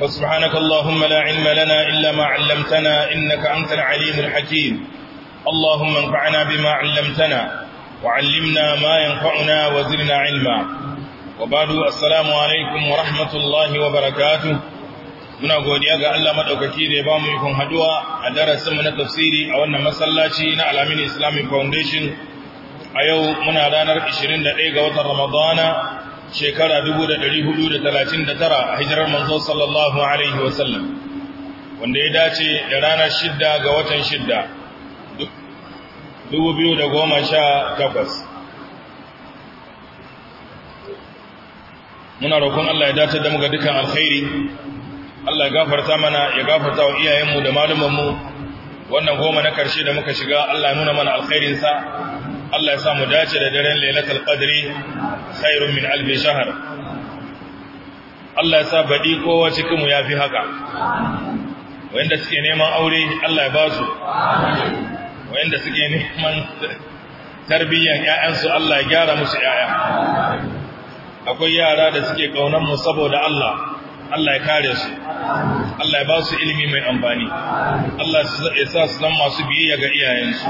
فسبحانك اللهم لا علم لنا إلا ما علمتنا إنك أنت العليم الحكيم اللهم انفعنا بما علمتنا وعلمنا ما ينفعنا وزرنا علما وبعد السلام عليكم ورحمة الله وبركاته muna godiya ga Allah madaukaki da ya bamu ikon haduwa a darasin na tafsiri a wannan masallaci na Alamin Islamic Foundation a yau muna ranar 21 ga watan Ramadana shekara 439 a hijirar manzo sallallahu alaihi wasallam wanda ya dace da ranar shidda ga watan shidda 2018 muna roƙon Allah ya dace da mu ga dukkan alkhairi Allah ya gafarta mana ya gafarta wa iyayenmu da malumanmu wannan goma na karshe da muka shiga Allah ya nuna mana alkhairinsa Allah ya sa mu dace da daren lailatul qadri khairun min alf shahr Allah ya sa badi kowa cikin mu yafi haka wanda suke neman aure Allah ya ba su wanda suke neman tarbiyyar su Allah ya gyara musu ƴaƴa akwai yara da suke kaunar mu saboda Allah Allah ya kare su Allah ya ba su ilimi mai amfani Allah ya sa su zama masu biyayya ga iyayensu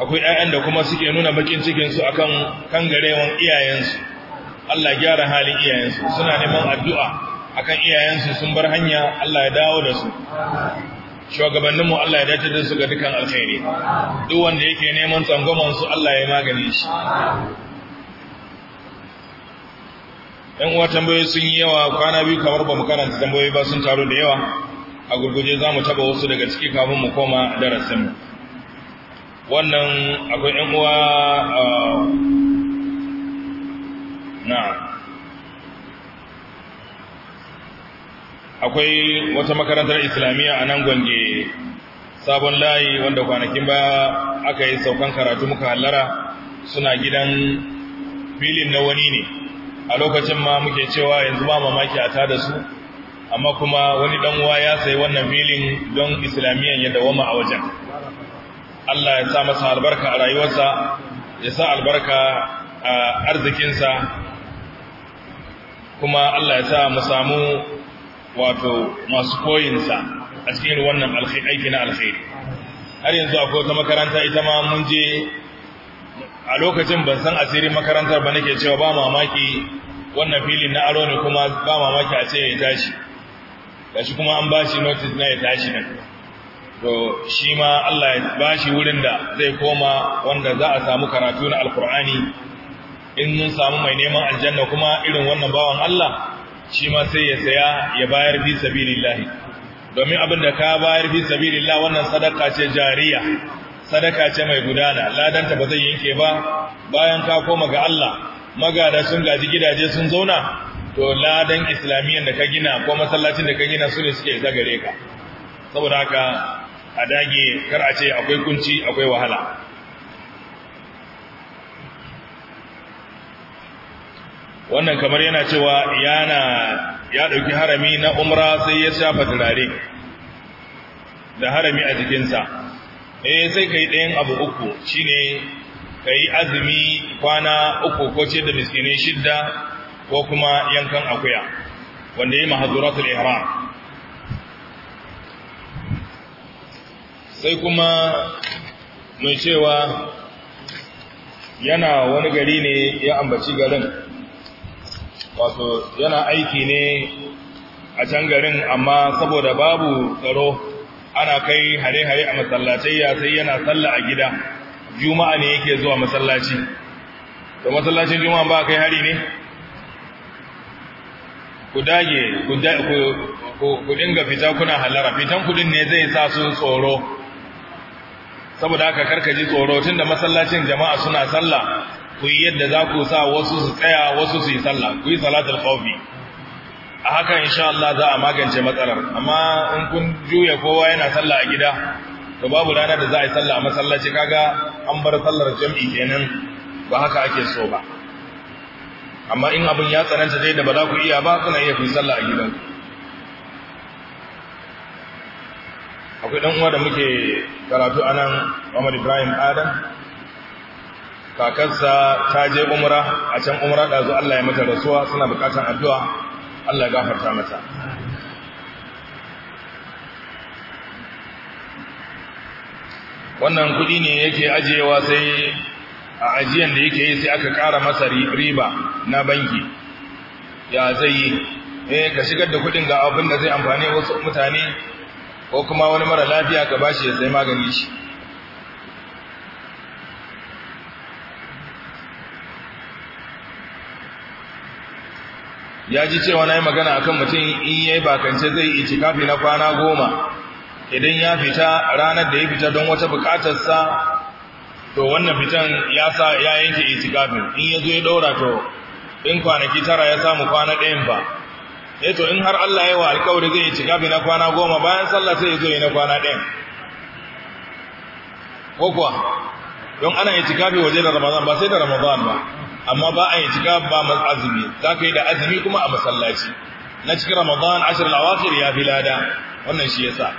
akwai 'ya'yan da kuma suke nuna bakin cikin su akan kangarewan iyayensu Allah gyara halin iyayensu suna neman addu'a akan iyayensu sun bar hanya Allah ya dawo da su shugabanninmu Allah ya dace da su ga dukan alkhairi duk wanda yake neman tsangwaman su Allah ya magane shi ɗan uwa tambayoyi sun yi yawa kwana biyu kamar ba mu karanta tambayoyi ba sun taru da yawa a gurguje za mu taba wasu daga ciki kafin mu koma darasin mu. wannan akwai ‘yan uwa na akwai wata makarantar islamiyya a nan gwange sabon layi wanda kwanakin ba aka yi saukan karatu muka hallara suna gidan filin na wani ne a lokacin ma muke cewa yanzu ba mamaki a tada su amma kuma wani ɗan uwa ya sayi wannan filin don islamiyyan ya dawama a wajen Allah ya sa masa albarka a rayuwarsa ya sa albarka a arzikinsa kuma Allah ya sa mu samu wato masu koyinsa a cikin wannan aiki na alkhairi har yanzu akwai ta makaranta ita ma mun je a lokacin ban san asirin makarantar ba nake cewa ba mamaki wannan filin na aro ne kuma ba mamaki a ce ya tashi gashi kuma an bashi notice na ya tashi nan to shi ma Allah ya bashi wurin da zai koma wanda za a samu karatu na alkur'ani in mun samu mai neman aljanna kuma irin wannan bawan Allah shi ma sai ya saya ya bayar fi sabilillah domin abin da ka bayar fi sabilillah wannan sadaka ce jariya sadaka ce mai gudana ladanta ba zai yanke ba bayan ka koma ga Allah magada sun gaji gidaje sun zauna to ladan islamiyyar da ka gina ko masallacin da ka gina su ne suke isa gare ka saboda haka a dage kar a ce akwai kunci akwai wahala wannan kamar yana cewa yana ya ɗauki harami na umra sai ya shafa turare da harami a jikinsa eh sai kai ɗayan abu uku shine kai azumi kwana uku ko ce da miskinai shidda ko kuma yankan akuya wanda yi mahazuratul ihram sai kuma mai cewa yana wani gari ne ya ambaci garin wato yana aiki ne a can garin amma saboda babu tsaro ana kai hare-hare a ya sai yana tsalla a gida juma'a ne yake zuwa matsalaci da matsalacin juma'a ba kai hari ne ku dage ku dinga fita kuna halara fitan kudin ne zai sa su tsoro saboda haka karka ji tsoro da masallacin jama'a suna sallah ku yi yadda za ku sa wasu su tsaya wasu su yi sallah ku yi salatul khawfi a haka insha Allah za a magance matsalar amma in kun juya kowa yana sallah a gida to babu ranar da za a yi sallah a masallaci kaga an bar sallar jami'i kenan ba haka ake so ba amma in abin ya tsananta dai da ba za ku iya ba kuna iya ku yi sallah a gidanku akwai dan uwa da muke karatu a nan, Muhammad Ibrahim Adam kakarsa ta je umra a can umra da zo Allah ya mata rasuwa suna bukatan addu'a Allah ya gafarta mata wannan kudi ne yake ajiyewa sai a ajiyan da yake yi sai aka ƙara masa riba na banki ya zai yi eh ka shigar da kudin ga abin da zai amfani wasu mutane ko kuma wani mara lafiya ka bashi ya sai magani shi ya ji cewa na yi magana akan mutum in ya yi bakance zai yi kafi na kwana goma idan ya fita ranar da ya fita don wata bukatarsa to wannan fitan ya sa ya yanke itikafin in ya zo ya ɗora to in kwanaki tara ya samu kwana ɗayan ba ya eh to in har Allah ya yi wa alƙawari zai yi cikafi na kwana goma bayan sallah sai ya zo yi na kwana ɗin ko kuwa don ana yi cikafi waje da ramadan ba sai da ramadan ba amma ba a yi cikafi ba mai azumi za ka yi da azumi kuma a masallaci na cikin ramadan ashir al-awakhir ya fi lada wannan shi yasa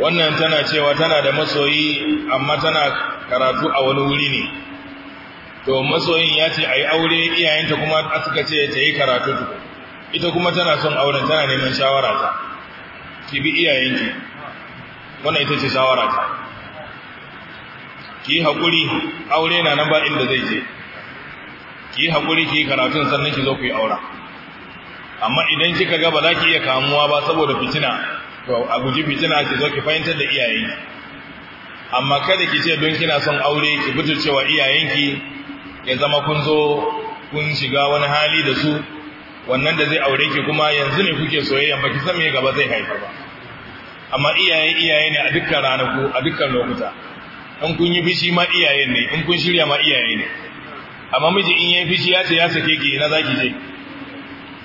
wannan tana cewa tana da masoyi amma tana karatu a wani wuri ne to masoyin ya ce a yi aure iyayenta kuma suka ce ta yi karatu tukun ita kuma tana son auren tana neman shawara ta ki bi iyayenki wannan ita ce shawara ta ki yi haƙuri aure na nan ba inda zai je ki hakuri haƙuri ki karatun sannan ki zo ku yi aura amma idan kika ga ba za ki iya kamuwa ba saboda fitina to a guji fitina ki zo ki fahimtar da iyayenki amma kada ki ce don kina son aure ki cewa iyayenki ya zama kun zo kun shiga wani hali da su wannan da zai aure ki kuma yanzu ne kuke soyayya ba ki san me gaba zai haifar ba amma iyaye iyaye ne a dukkan ranaku a dukkan lokuta in kun yi fishi ma iyaye ne in kun shirya ma iyaye ne amma miji in yi fishi ya ce ya sake ki ina zaki je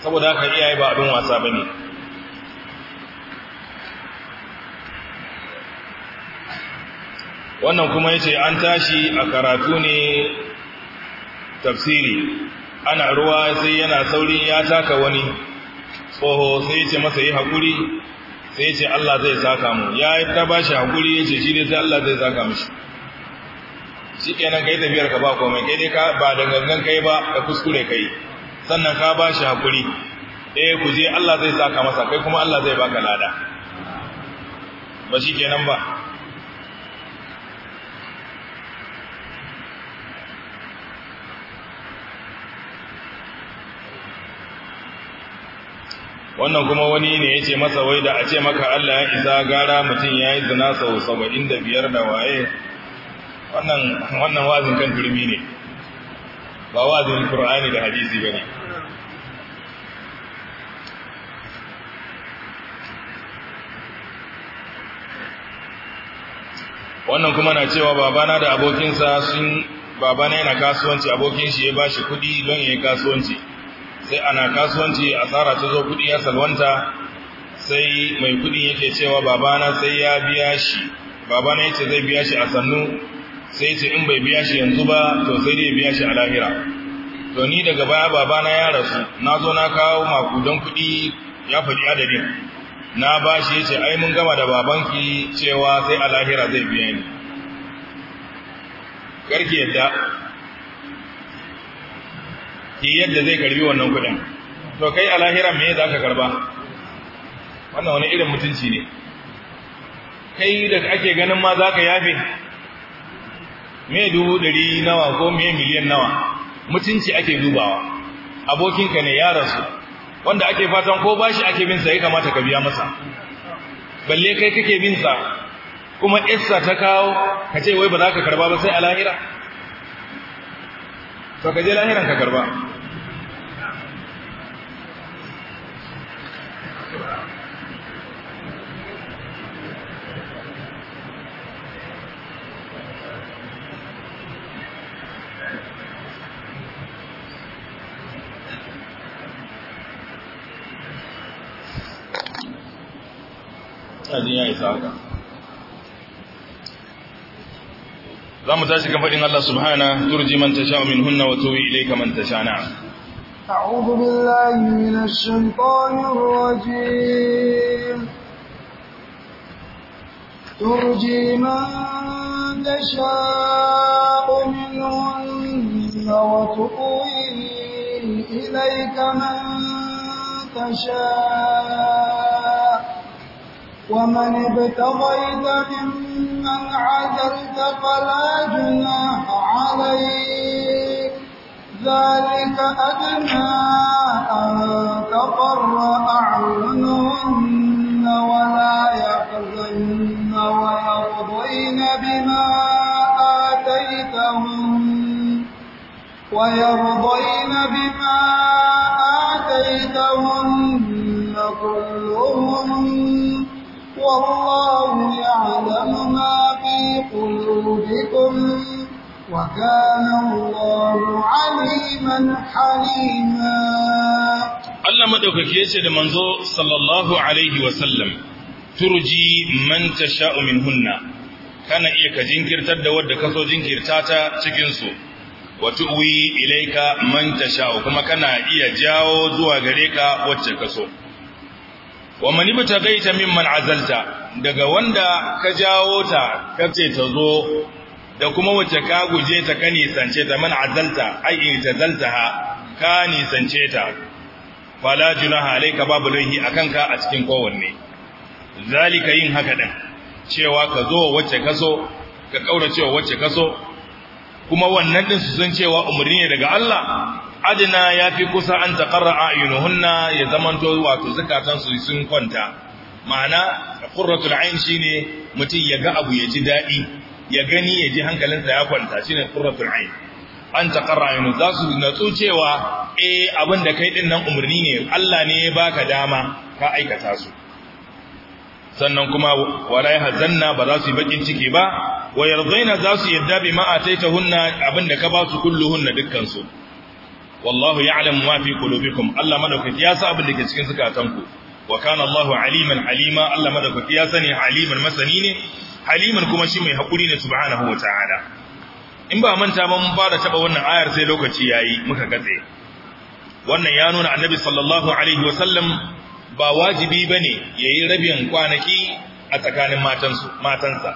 saboda haka iyaye ba abin wasa bane wannan kuma yace an tashi a karatu ne tafsiri ana ruwa sai yana saurin ya taka wani tsoho sai ce masa yi haƙuri sai ce Allah zai saka mu ya yi ta ba shi haƙuri ya ce shi ne sai Allah zai saka mu shi kenan kai tafiyar ka ba komai kai dai ka ba da gangan kai ba ka kuskure kai sannan ka ba shi haƙuri eh ku je Allah zai saka masa kai kuma Allah zai baka lada ba shi kenan ba wannan kuma wani ne ya ce masa wai da a ce maka Allah ya isa gara mutum ya yi zina sau saba'in da biyar da waye wannan wazin kan turmi ne ba wazin Kur'ani da hadisi ba ne wannan kuma na cewa babana da abokinsa sun babana yana kasuwanci abokin shi ya ba shi kudi don yayi yi kasuwanci sai ana kasuwanci asara ta zo kudi ya salwanta sai mai kudi yake cewa babana sai ya biya shi babana yace zai biya shi a sannu sai yace in bai biya shi yanzu ba to sai dai biya shi a lahira to ni daga baya babana ya rasu na zo na kawo maku makudan kudi ya faɗi adadin na ba shi yace ai mun gama da babanki cewa sai a lahira zai biya ni karki yadda Ki yadda zai karbi wannan kuɗin to kai a lahira me za ka karba wannan wani irin mutunci ne kai da ake ganin ma za ka yafe me dubu ɗari nawa ko me miliyan nawa mutunci ake dubawa abokinka ne ya rasu wanda ake fatan ko bashi ake bin sa ya kamata ka biya masa balle kai kake bin sa kuma issa ta kawo ka ce wai ba za ka karba ba sai a lahira to ka je lahiran ka karba zamu tashi kan fadin Allah subhana turji man tasha min hunna wa tuwi ilayka man tasha na a'udhu billahi minash shaitanir rajim turji man tasha min hunna wa tuwi ilayka man tasha ومن ابتغيت ممن عذرت فلا جناح عليك ذلك أدنى أن تقر أعينهن ولا يحزن ويرضين بما آتيتهن ويرضين بما آتيتهن كلهم والله قلوبكم وكان الله عليما حليما Allah madaukaki yace da manzo sallallahu alaihi wa sallam turji man tasha'u kana iya ka jinkirtar da wanda ka so jinkirta ta cikin su wa tuwi ilaika man tasha'u kuma kana iya jawo zuwa gare ka wacce ka so wa man ibtagaita mimman azalta daga wanda ka jawo ta ka ce ta zo da kuma wacce ka guje ta ka nisance ta man azalta ai in tazaltaha ka nisance ta fala junaha alayka babu laihi akan ka a cikin kowanne zalika yin haka din cewa ka zo wacce ka so ka kaura cewa wacce ka so kuma wannan din su san cewa umurni ne daga Allah adina yafi kusa an taqarra ayunuhunna ya zamanto wato zakatan su sun kwanta ma'ana qurratul shi shine mutum ya ga abu ya ji daɗi, ya gani ya ji hankalinsa ya kwanta shine qurratul ain an taqarra ayunu za su natsu cewa eh abin da kai din nan umarni ne Allah ne ya baka dama ka aikata su sannan kuma wala zanna ba za su yi bakin ciki ba Wayar Zaina za su yadda bi ma hunna abin da ka ba su hunna dukkan su wallahu ya'lamu ma fi qulubikum Allah madaukaki ya sa abin da ke cikin zukatanku wa kana Allahu aliman alima Allah ya sani aliman masani ne haliman kuma shi mai hakuri ne subhanahu wataala in ba manta ba mun fara taba wannan ayar sai lokaci yayi muka gatse wannan ya nuna annabi sallallahu alaihi sallam ba wajibi bane yayi rabin kwanaki a tsakanin matansa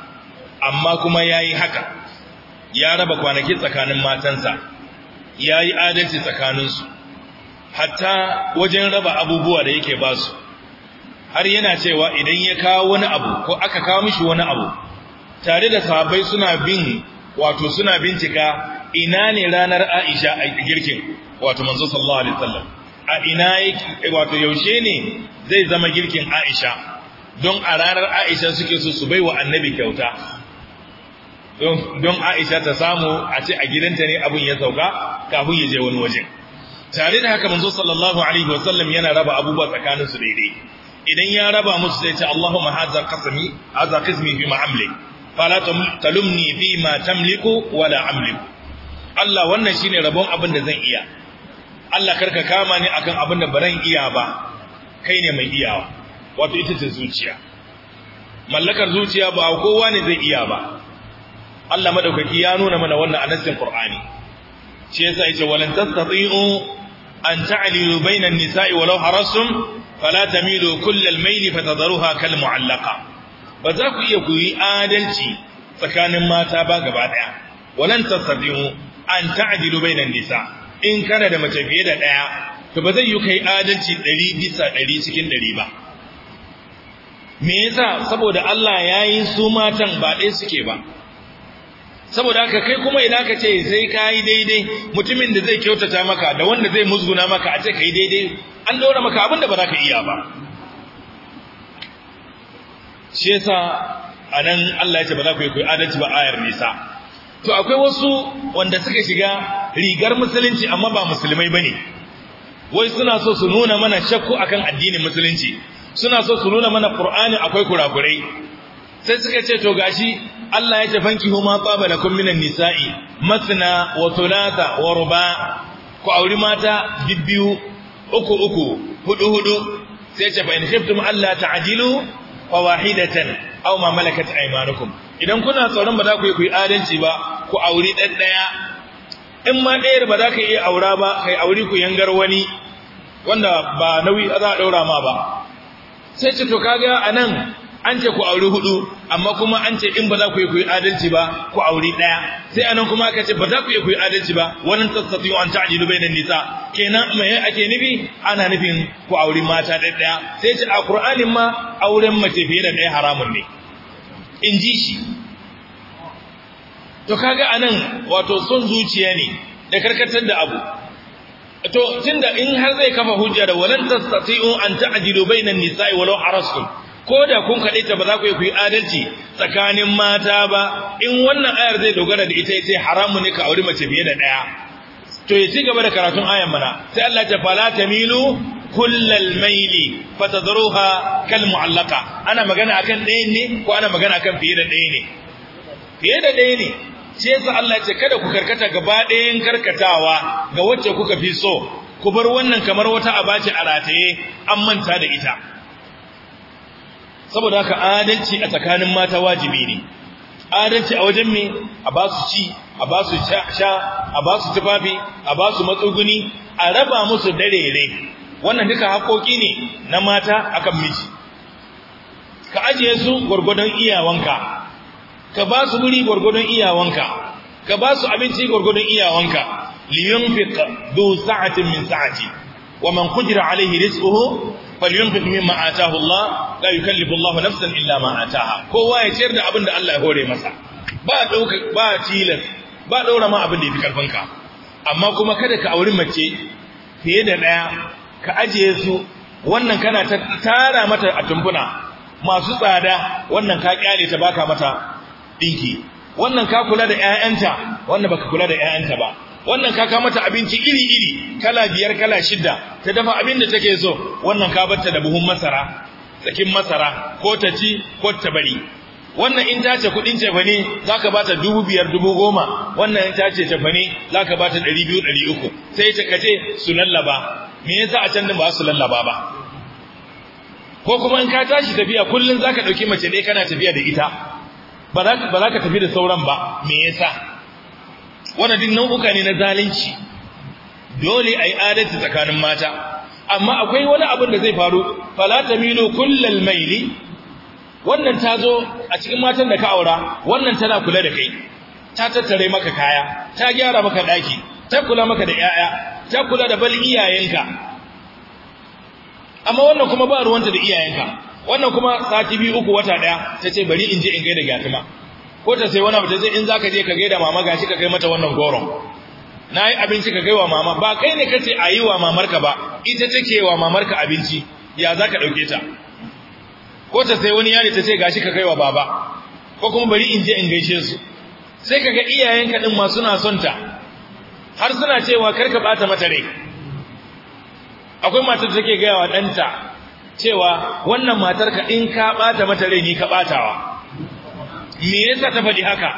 amma kuma yayi haka ya raba kwanaki tsakanin matansa yayi adalci tsakaninsu hatta wajen raba abubuwa da yake basu har yana cewa idan ya kawo wani abu ko aka kawo mishi wani abu tare da sahabbai suna bin wato suna bincika ina ne ranar Aisha a girkin wato manzo sallallahu alaihi wasallam a ina wato yaushe ne zai zama girkin Aisha don a ranar Aisha suke so su baiwa annabi kyauta don Aisha ta samu a ce a gidanta ne abun ya sauka kafin ya je wani waje tare da haka manzo sallallahu alaihi wasallam yana raba abubuwa tsakanin su daidai idan ya raba musu sai ce Allahumma hadha qasmi hadha qismi fi ma'amli fala talumni bi ma tamliku wala amliku Allah wannan shine rabon abin da zan iya Allah karka kama ni akan abin da baran iya ba kai ne mai iyawa wato ita ce zuciya mallakar zuciya ba kowa ne zai iya ba Allah madaukaki ya nuna mana wannan a nassin Qur'ani shi yasa yace walan tastati'u an ta'lilu bainan nisa'i walau harastum fala tamilu kullal mayli fatadharuha kal mu'allaqa ba za ku iya kuyi adalci tsakanin mata ba gaba daya walan tasadiu an ta'dilu bainan nisa in kana da mace fiye da daya to ba zai yi kai adalci 100 bisa 100 cikin 100 ba me yasa saboda Allah yayi su matan ba ɗaya suke ba saboda haka kai kuma idan ka ce sai ka daidai mutumin da zai kyautata maka da wanda zai musguna maka a ce ka daidai an daura maka abin da ba za ka iya ba shi yasa anan nan Allah ya ce ba za ku yi adalci ba ayar nisa to akwai wasu wanda suka shiga rigar musulunci amma ba musulmai ba ne wai suna so su nuna mana shakku akan addinin musulunci suna so su nuna mana qur'ani akwai kurakurai sai suka ce to gashi Allah ya tafanki huma tsaba lakum minan nisa'i masna wa thulatha wa ruba ku auri mata bibbiyu uku uku hudu hudu sai ce fa in khiftum alla ta'dilu fa wahidatan aw ma malakat aymanukum idan kuna tsoron ba za ku yi ku yi adalci ba ku auri dan daya in ma dayar ba za ka iya aura ba kai auri ku yangar wani wanda ba nauyi za a daura ma ba sai ce to kaga anan an ce ku auri hudu amma kuma an ce in ba za ku yi adalci ba ku auri daya sai anan kuma aka ce ba za ku yi ku adalci ba wannan tasatu an ta'dilu bainan nisa kenan me ake nufi ana nufin ku auri mata daya sai ce a Qur'anin ma auren mace fiye da daya haramun ne in ji shi to kaga anan wato son zuciya ne da karkatar da abu to tunda in har zai kafa hujja da walan tastati'u an ta'dilu bainan nisa'i walau harastum ko da kun kaɗe ta ba za ku yi ku yi adalci tsakanin mata ba in wannan ayar zai dogara da ita ita ce haramu ne ka auri mace fiye da ɗaya to ya ci gaba da karatun ayan mana sai Allah ta fala milu kullal maili fatadruha kal mu'allaka ana magana akan ɗaya ne ko ana magana akan fiye da ɗaya ne fiye da ɗaya ne shi sa Allah ce kada ku karkata gaba ɗayan karkatawa ga wacce kuka fi so ku bar wannan kamar wata abaci a rataye an manta da ita saboda haka adalci a tsakanin mata wajibi ne adalci a wajen me a ba su ci a ba su sha a ba su tufafi a ba su matsuguni a raba musu darere wannan duka haƙoƙi ne na mata akan miji ka ajiye su gwargwadon iyawanka ka ba su wuri gwargwadon iyawanka ka ba su abinci gwargwadon iyawanka liyunfiq du sa'atin min sa'ati wa man qudira alaihi rizquhu falyunfiq mimma ataahu Allah la yukallifu Allahu nafsan illa ma ataaha kowa ya ciyar da abin da Allah ya hore masa ba dauka ba tilas ba daura ma abin da yake karfin ka amma kuma kada ka auri mace fiye da daya ka ajiye su wannan kana tara mata a tumbuna masu tsada wannan ka kyale ta baka mata dinki wannan ka kula da ƴaƴanta wannan baka kula da ƴaƴanta ba wannan ka ka mata abinci iri-iri kala biyar kala shida ta dafa abin da take so wannan ka batta da buhun masara tsakin masara ko ta ci ko ta bari wannan in ta ce kudin cefane za ka bata dubu biyar dubu goma wannan in tace ce cefane za ka bata ɗari biyu ɗari uku sai ta kace su lallaba me yasa a can din ba su lallaba ba ko kuma in ka tashi tafiya kullum za ka ɗauki mace ne kana tafiya da ita ba za ka tafi da sauran ba me yasa wannan duk nau'uka ne na zalunci dole ai adalci tsakanin mata amma akwai wani abun da zai faru fala tamilu kullal maili wannan tazo a cikin matan da ka aura wannan tana kula da kai ta tattare maka kaya ta gyara maka daki ta kula maka da yaya ta kula da bal iyayenka amma wannan kuma ba ruwanta da iyayenka wannan kuma sati biyu uku wata daya tace bari in je in gaida gatuma ko ta sai wani abu ta ce in ka je ka gaida mama gashi ka kai mata wannan goron na yi abinci ka kai wa mama ba kai ne ka ce a yi wa mamarka ba ita take wa mamarka abinci ya za ka ɗauke ta ko ta sai wani yari ta ce gashi ka kai wa baba ko kuma bari in je in gaishe su sai ka ga iyayenka ɗin ma suna son ta har suna cewa kar ka ɓata mata rai akwai matar da take gaya wa ɗanta cewa wannan matarka in ka ɓata mata rai ni ka ɓatawa me yasa ta faɗi haka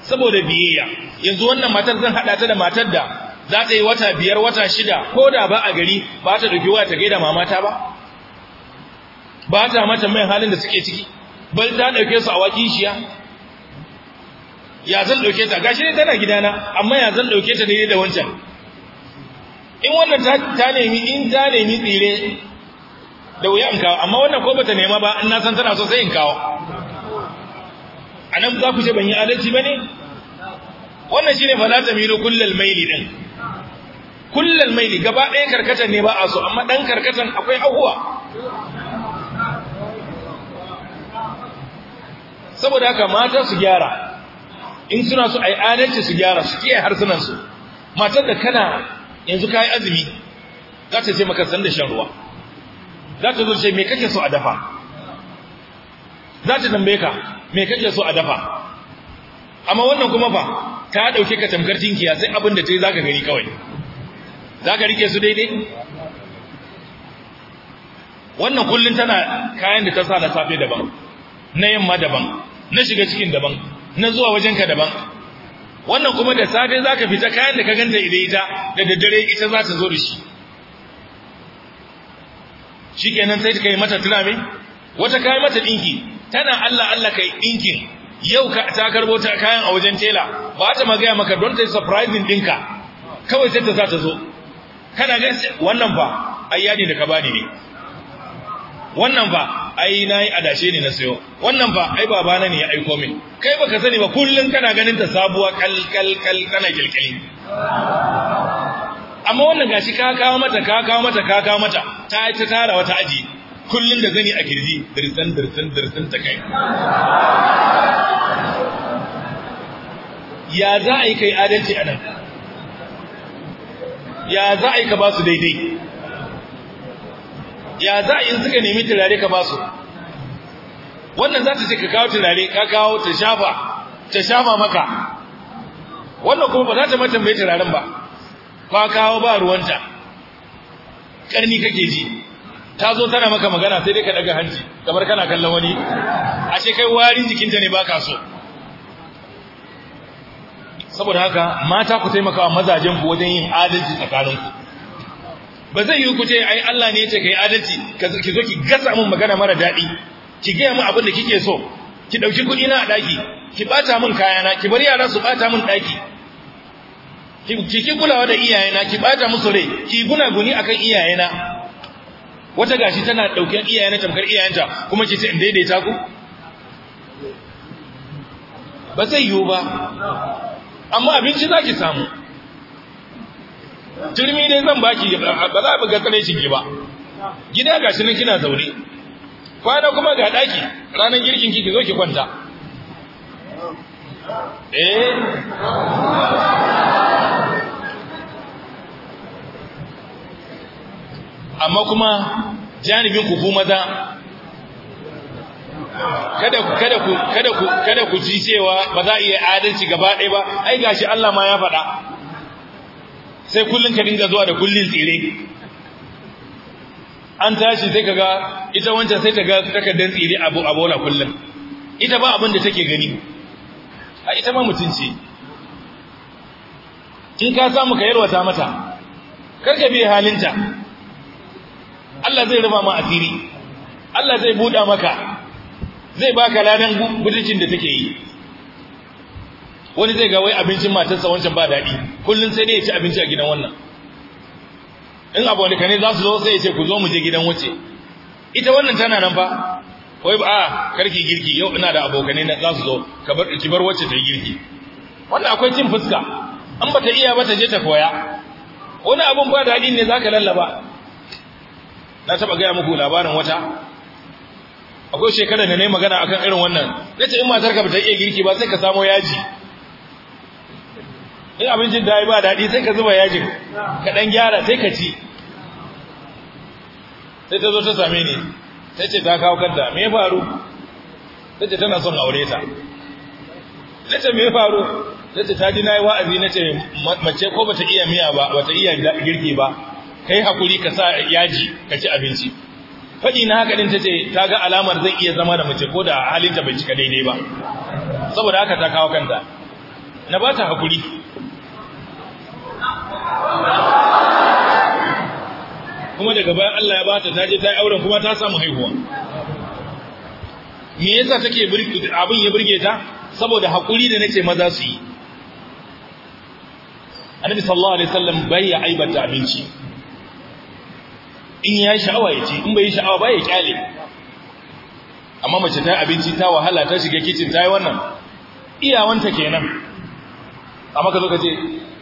saboda biyayya yanzu wannan matar zan haɗa ta da matar da za ta yi wata biyar wata shida ko da ba a gari ba ta ɗauki waya ta gaida mamata ba ba ta mata mai halin da suke ciki bal ta ɗauke su a shiya? ya zan ɗauke ta gashi ne tana gidana amma ya zan ɗauke ta ne da wancan in wannan ta nemi in ta nemi tsire da wuya in kawo amma wannan ko bata nema ba in na san tana so sai in kawo a nan za ku ce ban yi adalci ba ne wannan shine ne fala tamilu kullal maili ɗin kullal maili gaba ɗaya karkatan ne ba a so amma ɗan karkatan akwai ahuwa saboda haka mata su gyara in suna so a yi adalci su gyara su kiyaye harsunansu matar da kana yanzu ka yi azumi za ta ce maka san da shan ruwa za ta zo ce me kake so a dafa za ta tambaye ka me kake so a dafa amma wannan kuma fa ta dauke ka tamkar jinkiya sai abin da tai zaka gani kawai zaka rike su daidai wannan kullun tana kayan da ta sa na safe daban na yamma daban na shiga cikin daban na zuwa wajenka daban wannan kuma da safe zaka fita kayan da ka ganta idan ita da daddare ita za ta zo da shi shikenan sai ta kai mata tunami wata kai mata dinki kana Allah Allah kai ɗinkin yau ka ta karbo ta kayan a wajen tela ba ta magaya maka don ta surprising dinka kawai sai ta za ta zo kana ga wannan fa ayyadi da ka bani ne wannan ba ai nayi adashe ne na sayo wannan ba ai na ne ya aiko min kai baka sani ba kullun kana ganin ta sabuwa kalkal kal kana kilkili amma wannan gashi ka kawo mata ka kawo mata ka kawo mata ta yi ta tara wata aji kullum da zani a kirji dirsan dirsan dirsan ta kai ya za a yi kai adalci a nan ya za a yi ka ba su daidai ya za a yi suka nemi turare ka ba su wannan za ta ce ka kawo turare ka kawo ta shafa ta shafa maka wannan kuma ba za ta mata mai turaren ba ka kawo ba ruwanta ƙarni kake ji ta zo tana maka magana sai dai ka daga hanci kamar kana kallon wani ashe kai wari jikinta ne baka so saboda haka mata ku taimaka wa mazajen ku wajen yin adalci tsakanin ku ba zai yi ku ce ai Allah ne ya ce kai adalci ki zo ki gasa min magana mara daɗi ki gaya mu abin da kike so ki ɗauki kuɗi na a ɗaki ki ɓata min kayana ki bar yara su ɓata min ɗaki ki ki kulawa da iyayena ki bata musu rai ki guna guni akan iyayena wata gashi tana ɗauken iyayena tamkar iyayenta kuma ce in daidaita ku ba zai yiwu ba amma abinci za ki samu turmi dai zan baki ba za a buga tsare shi ba gida gashi nan kina zaune kwana kuma ga ɗaki ranar girkin ki zo ki kwanta eh amma kuma janibin ku kuma maza kada ku kada ku kada ku kada ku ji cewa ba za a iya adalci gaba ɗaya ba ai gashi Allah ma ya faɗa sai kullun ka dinga zuwa da kullun tsire an tashi sai kaga ita wancan sai ta ga takardar tsire abu a bola kullun ita ba abin da take gani a ita ma mutunci in ka samu ka yarwata mata kar ka bi halinta Allah zai rufa ma asiri Allah zai buɗa maka zai baka ladan budurcin da take yi wani zai ga wai abincin matarsa wancan ba daɗi kullum sai dai ya ci abinci a gidan wannan in abokan ne za su zo sai ya ce ku zo mu je gidan wace ita wannan tana nan fa wai ba ah, karki girki yau ina da abokane na za su zo ka bar ki bar wacce ta yi girki wannan akwai cin fuska an bata iya ba ta je ta koya wani abun ba daɗi ne zaka lallaba na taba gaya muku labarin wata akwai shekarar da na yi magana akan irin wannan na ce in matarka ba ta iya girki ba sai ka samo yaji in abincin da yi ba daɗi sai ka zuba yajin ka ɗan gyara sai ka ci sai ta zo ta same ni sai ce ta kawo kanta me ya faru sai ce tana son aure ta na ce me ya faru sai ce ta ji na yi wa'azi na ce mace ko ba ta iya miya ba ba ta iya girki ba kai hakuri ka sa yaji ka ci abinci faɗi na haka din tace ta ga alamar zai iya zama da mace ko da halin ta bai cika daidai ba saboda haka ta kawo kanta na ba ta hakuri kuma daga bayan Allah ya ba ta taje ta yi auren kuma ta samu haihuwa me yasa take abin ya burge ta saboda hakuri da nace maza su yi annabi sallallahu alaihi wasallam bai ya aibata abinci in ya sha'awa ya ci in bai sha'awa ba ya kyale amma mace ta abinci ta wahala ta shiga kicin ta yi wannan iyawanta kenan amma ka zo ka ce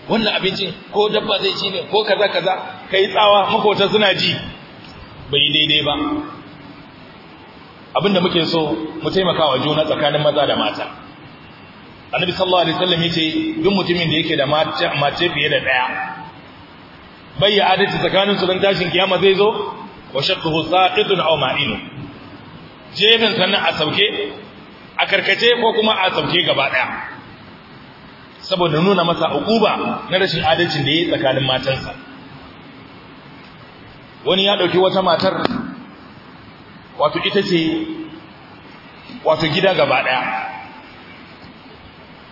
wannan abincin ko dabba zai ci ne ko kaza kaza ka yi tsawa makota suna ji bai daidai ba abinda muke so mu taimaka wa juna tsakanin maza da mata annabi sallallahu alaihi wasallam yace duk mutumin da yake da mace fiye da daya Wai ya adalci tsakanin su dan tashin kiyama zai zo wa shaqquhu saqitun aw ma'inu jefin sannan a sauke a karkace ko kuma a sauke gaba daya saboda nuna masa uquba na rashin adalcin da yake tsakanin matansa wani ya dauki wata matar wato ita ce wato gida gaba daya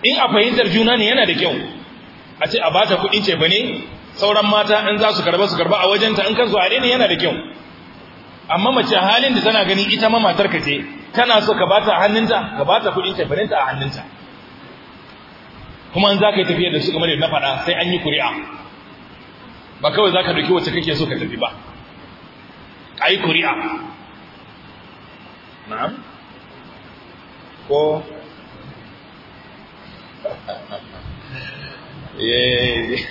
in a fahimtar juna ne yana da kyau a ce a ba ta kudin ce bane sauran mata in za su karba su karba a wajenta in kansu a ne yana da kyau amma mace halin da tana gani ita ma matar ka ce tana so ka bata hannunta ka bata kuɗin tafarinta a hannunta kuma in za ka yi tafiyar da su kamar yadda na faɗa sai an yi kuri'a ba kawai za ka ɗauki wacce kake so ka tafi ba a yi kuri'a na'am ko yeah.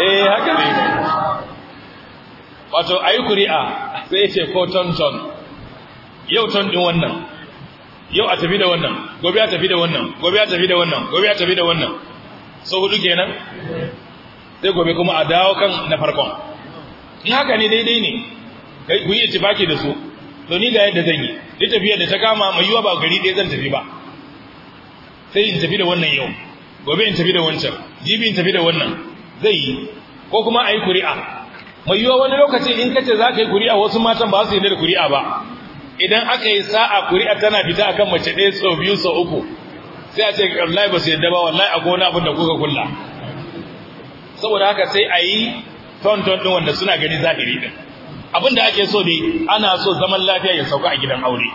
eh haka ne wato ayi kuri'a sai ce ko ton ton yau ton din wannan yau a tafi da wannan gobe a tafi da wannan gobe a tafi da wannan gobe a tafi da wannan sau hudu kenan sai gobe kuma a dawo kan na farkon in haka ne daidai ne ku yi ittifaki da su to ni ga yadda zan yi ni tafiya da ta kama mai yiwa ba gari ɗaya zan tafi ba sai in tafi da wannan yau gobe in tafi da wancan jibi in tafi da wannan zai yi ko kuma a yi kuri'a mai yiwa wani lokaci in kace za ka yi kuri'a wasu matan ba su yi da kuri'a ba idan aka yi sa'a kuri'a tana fita akan mace ɗaya sau biyu sau uku sai a ce wallahi ba su yadda ba wallahi a gona abin da kuka kulla saboda haka sai a yi tonton ɗin wanda suna gani zahiri ɗin abin da ake so ne ana so zaman lafiya ya sauka a gidan aure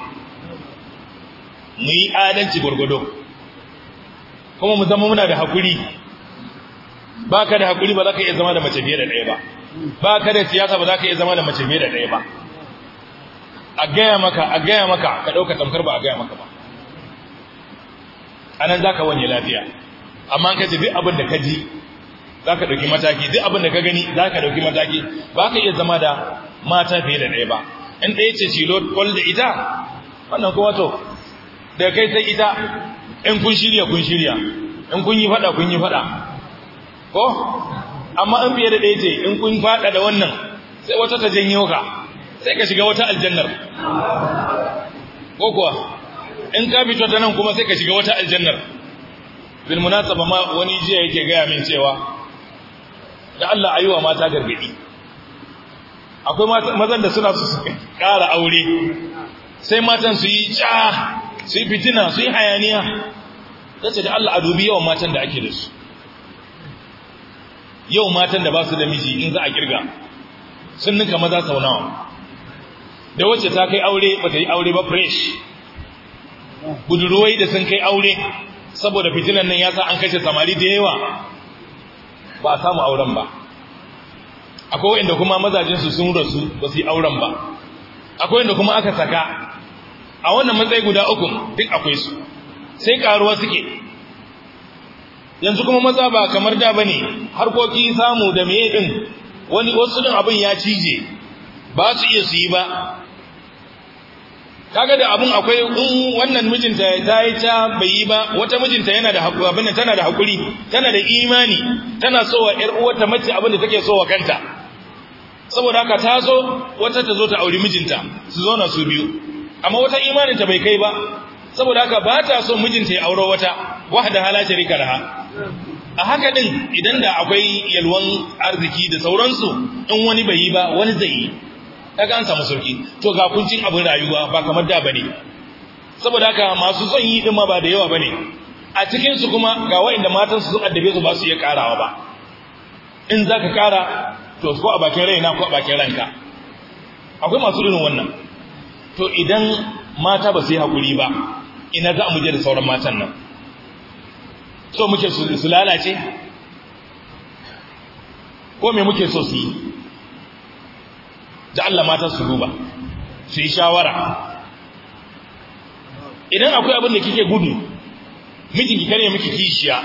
mu yi adalci gwargwado kuma mu zama muna da hakuri baka da hakuri ba za ka iya zama da mace fiye da ɗaya ba baka da siyasa ba za ka iya zama da mace fiye da ɗaya ba a gaya maka a gaya maka ka ɗauka tamkar ba a gaya maka ba a nan za ka wanye lafiya amma ka ce duk abin da ka ji za ka ɗauki mataki duk abin da ka gani za ka ɗauki mataki ba ka iya zama da mata fiye da ɗaya ba in ɗaya ce cilo kwal da ita wannan kuma to da kai sai ita in kun shirya kun shirya in kun yi faɗa kun yi faɗa ko amma in biye da ɗaya ce in kun faɗa da wannan sai wata ta janyo ka sai ka shiga wata aljannar ko kuwa in ka fito ta nan kuma sai ka shiga wata aljannar bil munasaba ma wani jiya yake gaya min cewa da Allah ayuwa mata gargadi akwai mazan da suna su ƙara aure sai matan su yi ca su yi fitina su yi hayaniya zace da Allah a dubi yawan matan da ake da su yau matan da ba su da miji in za a kirga sun ninka maza sau da wacce ta kai aure ba ta yi aure ba fresh budurwai da sun kai aure saboda fitinan nan ya sa an kashe samari da yawa ba a samu auren ba akwai wanda kuma mazajinsu sun rasu ba su yi auren ba akwai wanda kuma aka saka a wannan matsayi guda uku duk akwai su sai karuwa suke yanzu kuma maza ba kamar da ba bane harkoki samu da meye din wani wasu din abin ya cije ba su iya su yi ba kaga da abin akwai wannan mijinta ta yi ta bai yi ba wata mijinta yana da hakuri abin tana da hakuri tana da imani tana so wa ƴar uwarta mace abin da take so wa kanta saboda haka ta zo wata ta zo ta auri mijinta su zo na su biyu amma wata imanin ta bai kai ba saboda haka ba ta so mijinta ya auro wata wahda hala sharika ha, a haka din idan da akwai yalwan arziki da sauransu in wani bai yi ba wani zai yi kaga an samu sauki to ga kuncin abin rayuwa ba kamar da bane saboda haka masu son yi din ma ba da yawa bane a cikin su kuma ga waɗanda matan su sun addabe su ba su iya karawa ba in zaka kara to ko a bakin raina ko a bakin ranka akwai masu irin wannan to idan mata ba su yi hakuri ba ina za mu je da sauran matan nan so muke su lalace ko me muke so su yi da Allah mata su duba su yi shawara idan akwai abin da kike gudu ki kare miki kishiya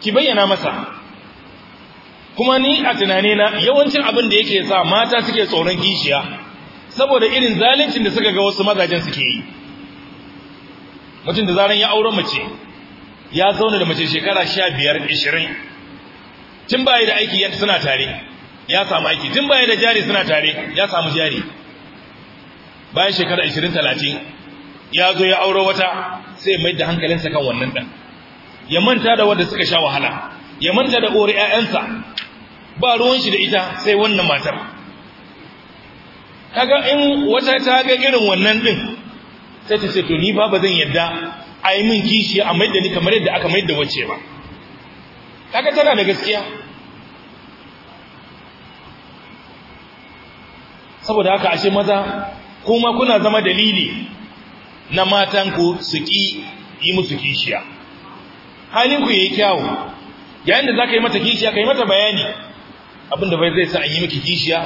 ki bayyana masa kuma ni a na yawancin abin da yake sa mata suke tsoron kishiya saboda irin zalincin da suka ga wasu mazajen suke yi mutum da zaran ya auren mace ya zauna da mace shekara sha biyar ishirin tun baya da aiki yadda suna tare ya samu aiki tun baya da jari suna tare ya samu jari bayan shekara ishirin talatin ya zo ya auro wata sai mai da hankalinsa kan wannan ɗan ya manta da wanda suka sha wahala ya manta da ƙori 'ya'yansa ba ruwan shi da ita sai wannan matar kaga in wata ta ga irin wannan ɗin sai ta ce to ni ba ba zan yadda a yi min kishi a da ni kamar yadda aka da wace ba kaga tana da gaskiya saboda haka ashe maza kuma kuna zama dalili na matanku su ƙi yi musu kishiya halinku ya yi kyawu yayin da za ka yi mata kishiya ka yi mata bayani abinda bai zai sa an yi miki kishiya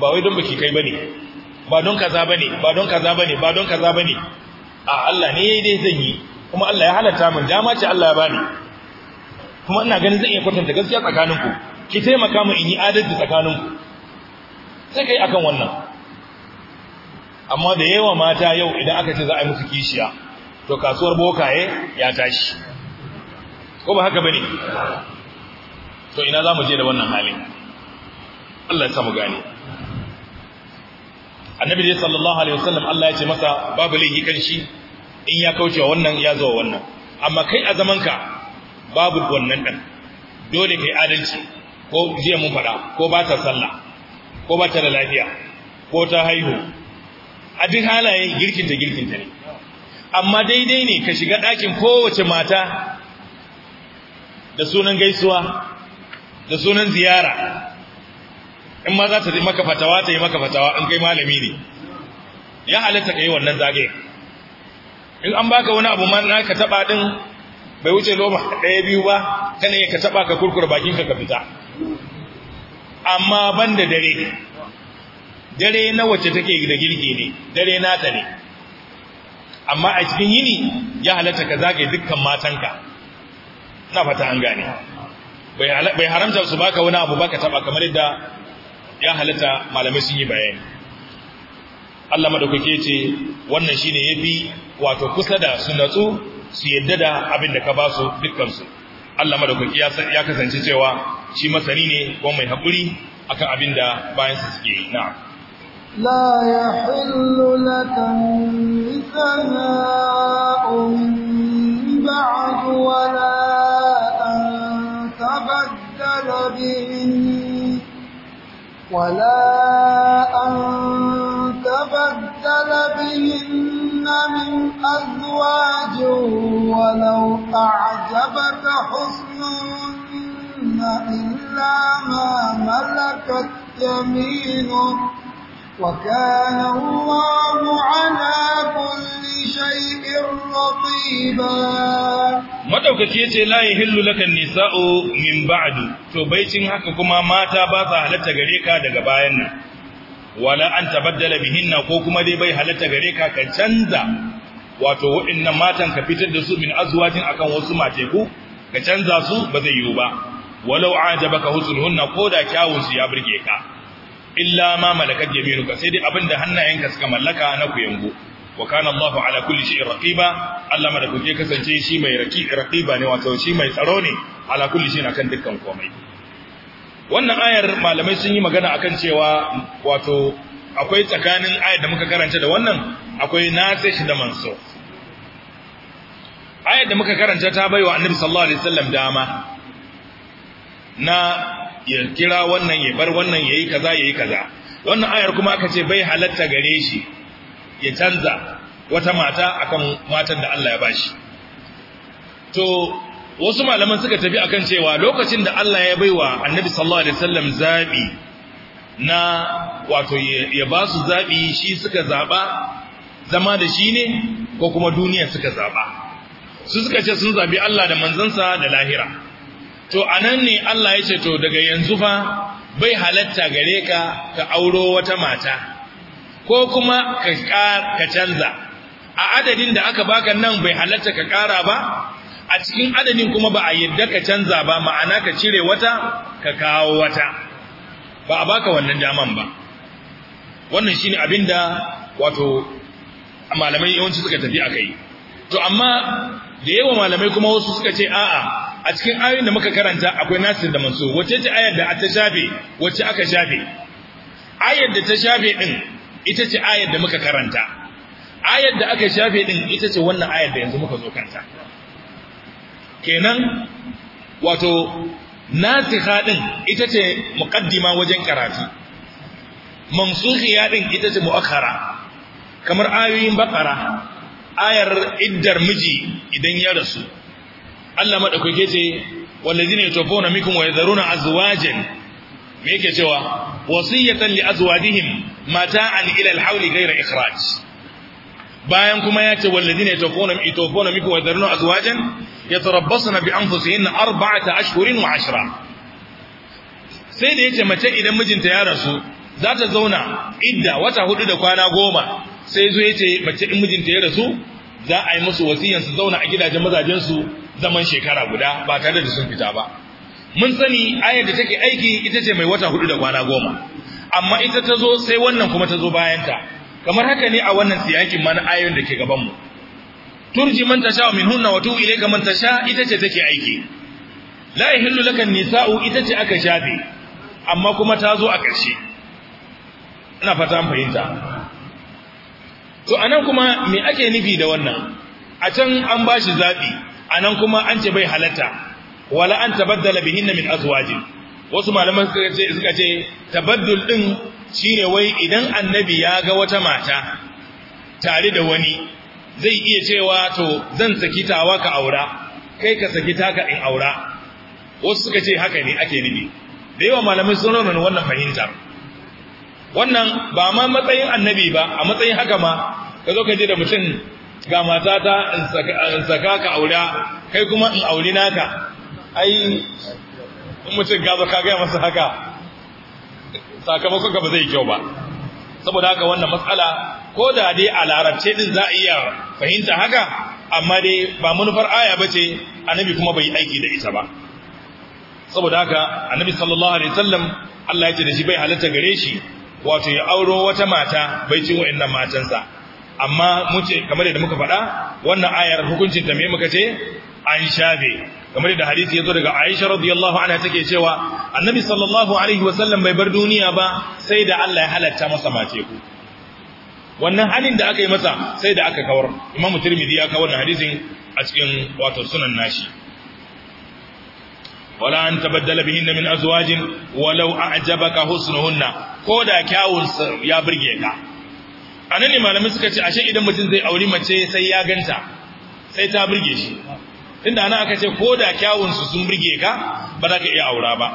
ba wai don baki kai ba ne ba don kaza ba ne ba don kaza ba ne ba don kaza ba ne a Allah ne dai zan yi kuma Allah ya halatta min dama ce Allah ya bani kuma ina ganin zan iya kwatanta gaskiya tsakanin ku ki taimaka mu in yi adalci tsakanin ku sai kai akan wannan amma da yawa mata yau idan aka ce za a yi musu kishiya to kasuwar bokaye ya tashi ko ba haka bane to ina za mu je da wannan halin Allah ya samu gane annabi dai sallallahu alaihi wasallam Allah ya ce masa babu laifi kan shi in ya kauce wannan ya zo wannan amma kai a zaman ka babu wannan dan dole kai adalci ko jiya mun fada ko ba ta sallah ko ba ta da lafiya ko ta haihu a duk halaye girkinta girkinta ne amma daidai ne ka shiga ɗakin kowace mata da sunan gaisuwa da sunan ziyara in ma za ta yi maka fatawa ta yi maka fatawa in kai malami ne ya halatta ka yi wannan zage in an baka wani abu ma na ka taba din bai wuce loma ɗaya biyu ba kana ka taba ka kurkura bakin ka ka fita amma ban da dare dare na wacce take da girki ne dare na ta ne amma a cikin yini ya halatta ka zage dukkan matanka na fata an gane bai haramta su baka wani abu baka taba kamar yadda ya halatta malamai sun yi bayani Allah madaukake ce wannan shine yafi wato kusa da su natsu su yadda da abin da ka ba su dukkan su Allah madaukake ya ya kasance cewa shi masani ne ko mai hakuri akan abin da bayan su suke yi na'am لا يحل لك نساء بعد ولا ولا أن تبدل بهن من أزواج ولو أعجبك حسنهن إلا ما ملكت يمينك وكان الله على كل Madaukaki ya ce layin hillu lakan nisa'u min ba’adu, to baicin haka kuma mata ba sa halatta gare ka daga bayan nan, wala an tabaddala bihinna ko kuma dai bai halatta gare ka ka canza, wato waɗannan matan ka fitar da su min azuwajin akan wasu mateku, ka canza su ba zai yiwu ba, walau an jaba ka hunna ko da kyawunsu ya burge ka, illa ma malakar ka sai dai abin da hannayenka suka mallaka na ku kuyango. wa kana Allahu ala kulli shay'in raqiba Allah madaukake kasance shi mai raqiba ne wato shi mai tsaro ne ala kulli shay'in akan dukkan komai wannan ayar malamai sun yi magana akan cewa wato akwai tsakanin ayar da muka karanta da wannan akwai nasih da manso. ayar da muka karanta ta baiwa annabi sallallahu alaihi wasallam dama na ya kira wannan ya bar wannan yayi kaza yayi kaza wannan ayar kuma aka ce bai halatta gare shi ya canza wata mata akan matan da Allah ya bashi to wasu malaman suka tafi akan cewa lokacin da Allah ya baiwa Annabi sallallahu alaihi wasallam zabi na wato ya ba su zabi shi suka zaba zama da shi ne ko kuma duniya suka zaba su suka ce sun zabi Allah da manzansa da lahira to anan ne Allah ya ce to daga yanzu fa bai halatta gare ka ka auro wata mata ko kuma ka canza a adadin da aka baka nan bai halatta ka kara ba a cikin adadin kuma ba a yadda ka canza ba ma'ana ka cire wata ka kawo wata ba a baka wannan daman ba wannan shine abin da wato malamai yawanci suka tafi akai to amma da yawa malamai kuma wasu suka ce a'a a cikin ayoyin da muka karanta akwai nasir da mansu wace ce ayar da ta shafe wace aka shafe ayar da ta shafe din ita ce ayar da muka karanta ayar da aka shafe din ita ce wannan ayar da yanzu muka zo kanta kenan wato nasiha din ita ce muqaddima wajen karatu mansukhiya din ita ce muakhara kamar ayoyin bakara ayar iddar miji idan ya rasu Allah madaukake ce wallazina yatawaffawna mikum wa yadharuna azwajan me yake cewa wasiyatan li azwajihim mata'an ila al-hawli ghayra ikhraj bayan kuma yace walladina yatakuna yatakuna mikum wa darnu azwajan yatarabbasna bi anfusihin arba'ata ashhurin wa ashra sai da yace mace idan mijinta ya rasu za ta zauna idda wata hudu da kwana goma sai zo yace mace in mijinta ya rasu za a yi musu wasiyan su zauna a gidajen mazajen su zaman shekara guda ba tare da sun fita ba mun sani ayar da take aiki ita ce mai wata hudu da kwana goma amma ita ta zo sai wannan kuma ta zo bayanta kamar haka ne a wannan siyakin mana ayoyin da ke gaban mu turji man tasha min hunna wa tu ilayka man tasha ita ce take aiki la ihillu laka nisa'u ita ce aka shafe amma kuma ta zo a ƙarshe ina fata an fahimta to anan kuma me ake nufi da wannan a can an bashi zabi anan kuma an ce bai halatta wala an tabaddala bihinna min azwajin wasu malaman suka ce tabaddul din shine wai idan annabi ya ga wata mata tare da wani zai iya cewa to zan saki tawa ka aura kai ka saki taka in aura wasu suka ce haka ne ake nibi da yawa malamai sun rauna wannan fahimta wannan ba ma matsayin annabi ba a matsayin haka ma ka zo ka je da mutum ga mata ta in saka ka aura kai kuma in auri naka ai in mutum ga zo ka gaya masa haka sakamakon ka ba zai kyau ba saboda haka wannan matsala ko da dai a larabce din za a iya fahimta haka amma dai ba manufar aya ba ce annabi kuma bai aiki da ita ba saboda haka annabi sallallahu alaihi wasallam Allah ya ce da shi bai halatta gare shi wato ya auro wata mata bai ci wa'annan matansa amma mu ce kamar yadda muka faɗa wannan ayar hukuncin ta me muka ce an shafe kamar da hadisi ya zo daga Aisha radiyallahu anha take cewa annabi sallallahu alaihi wasallam bai bar duniya ba sai da Allah ya halatta masa mace ku wannan halin da aka yi masa sai da aka kawar Imam Tirmidhi ya kawo wannan hadisin a cikin wato sunan nashi wala an tabaddala bihin min azwajin walau a'jabaka husnuhunna ko da kyawun ya burge ka anan ne malamai suka ce ashe idan mutum zai auri mace sai ya ganta sai ta burge shi inda ana aka ce ko da kyawunsu sun burge ka ba za ka iya aura ba